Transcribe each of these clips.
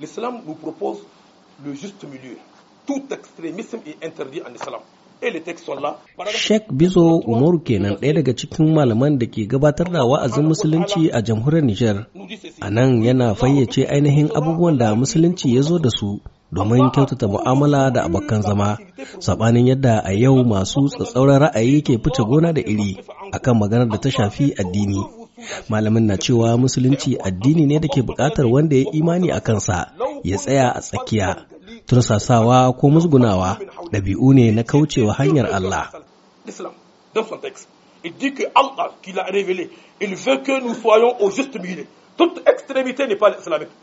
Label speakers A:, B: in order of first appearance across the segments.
A: l'islam nous propose le juste milieu. Tout extrémisme est interdit en islam.
B: Sheikh Bizo Umaru kenan ɗaya daga cikin malaman da ke gabatar da wa'azin musulunci a jamhuriyar Nijar. A nan yana fayyace ainihin abubuwan da musulunci ya zo da su domin kyautata mu'amala da abokan zama, saɓanin yadda a yau masu tsatsauran ra'ayi ke fice gona da iri akan maganar da ta shafi addini. Malamin na cewa musulunci addini ne da ke buƙatar wanda ya imani a kansa ya tsaya a tsakiya. Tursasawa ko musgunawa ɗabi'u ne na kaucewa hanyar Allah.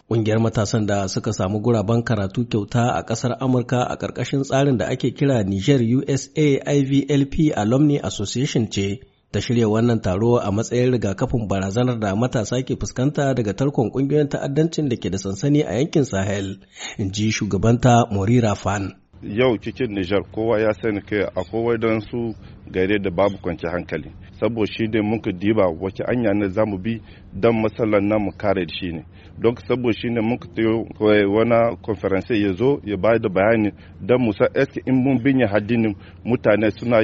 B: Ƙungiyar matasan da suka samu guraben karatu kyauta a ƙasar Amurka a ƙarƙashin tsarin da ake kira Niger USA IVLP Alumni Association ce. ta shirya wannan taro a matsayin rigakafin barazanar da matasa ke fuskanta daga tarkon kungiyoyin ta'addancin da ke da sansani a yankin sahel in ji shugabanta morira fan
C: yau cikin nijar kowa ya sani kai akwai wadansu gare da babu kwanci hankali saboda shi ne muka diba wace anya ne za mu bi don matsalar namu kare da shi ne don saboda shi ne muka tayo eh, wani konferensiyar ya zo ya bayar da bayani don musa eski in mun binye haddini mutane suna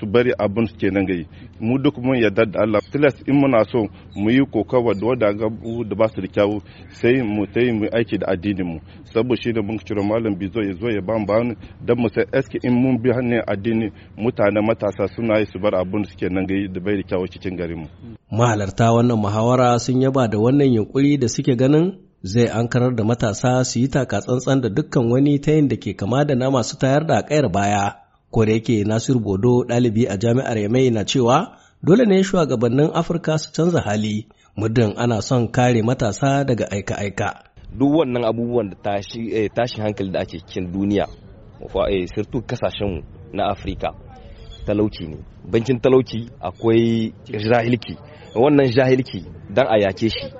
C: su bari abin su nan gai mu duk mun yadda da Allah tilas in muna so mu yi kokawa da wanda ga da ba su da kyawu sai mu tai mu aiki da addinin mu saboda shi da mun ciro malam bizo ya zo ya ban bani dan mu sai eske in mun bi hannun addini mutane matasa suna yi su bar abin su nan gai da bai da kyawu cikin garin mu
B: mahalarta wannan muhawara sun yaba da wannan yunkuri da suke ganin zai ankarar da matasa su yi taka tsantsan da dukkan wani ta yin da ke kama da na masu tayar da kayar baya ko da yake nasiru bodo ɗalibi a jami'ar yamai na cewa dole ne shugabannin afirka su canza hali muddin ana son kare matasa daga aika-aika
D: duk wannan abubuwan da tashi eh, hankali da ake cikin duniya eh, sirtu kasashenmu na afirka talauci ne bankin talauci akwai jahilki wannan jahilki dan a yake shi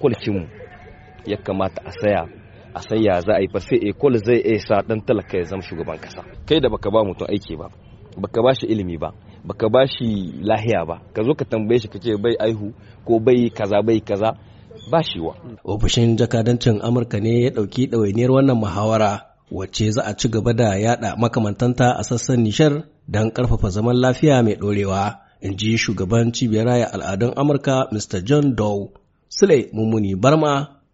D: kwalcin ya kamata a saya a san ya za a yi ba sai zai iya sa dan talaka ya zama shugaban kasa kai da baka ba mutum aiki ba baka ba shi ilimi ba baka ba shi lahiya ba ka zo ka tambaye shi kace bai aihu ko bai kaza bai kaza ba shi wa
B: ofishin jakadancin amurka ne ya dauki ɗawainiyar wannan muhawara wacce za a ci gaba da yada makamantanta a sassan nishar don karfafa zaman lafiya mai dorewa in ji shugaban cibiyar raya al'adun amurka mr john doe sule mummuni barma